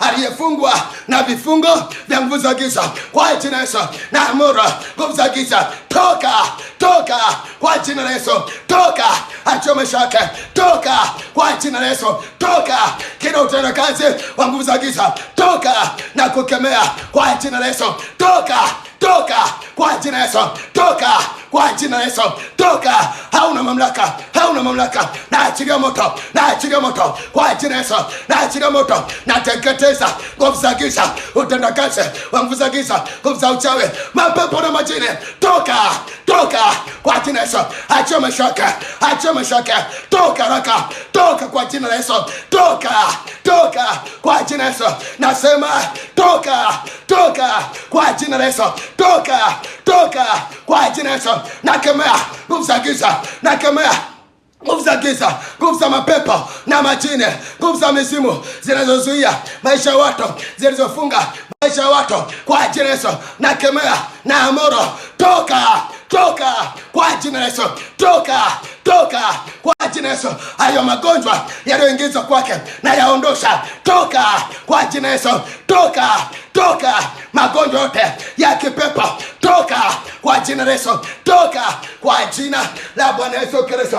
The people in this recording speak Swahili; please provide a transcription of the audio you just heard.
aliyefungwa na vifungo vya nguvu za giza kwa jina la Yesu, na amura nguvu za giza, toka toka kwa jina la Yesu, toka achia maisha yake, toka kwa jina la Yesu, toka kila kazi wa nguvu za giza, toka na kukemea kwa jina la Yesu, toka toka kwa jina la Yesu, toka kwa jina la Yesu. Toka, hauna mamlaka, hauna mamlaka. Naachilia moto, naachilia moto kwa jina la Yesu. Naachilia moto, nateketeza nguvu za giza, utendakazi wa nguvu za giza, nguvu za uchawi, mapepo na majini. Toka, toka kwa jina la Yesu. Achia mashaka, yake, mashaka. Toka raka, toka kwa jina la Yesu. Toka, toka kwa jina la Yesu. Nasema toka, toka kwa jina la Yesu. Toka, toka kwa generation nakemea nguvu za giza nakemea nguvu za giza, nguvu za mapepo na majini, nguvu za mizimu zinazozuia maisha ya watu, zilizofunga maisha ya watu kwa jina Yesu nakemea na amuru, toka toka kwa jina Yesu, toka toka kwa jina Yesu. Hayo magonjwa yaliyoingizwa kwake na yaondosha, toka kwa jina Yesu, toka toka magonjwa yote generation toka kwa jina la Bwana Yesu Kristo.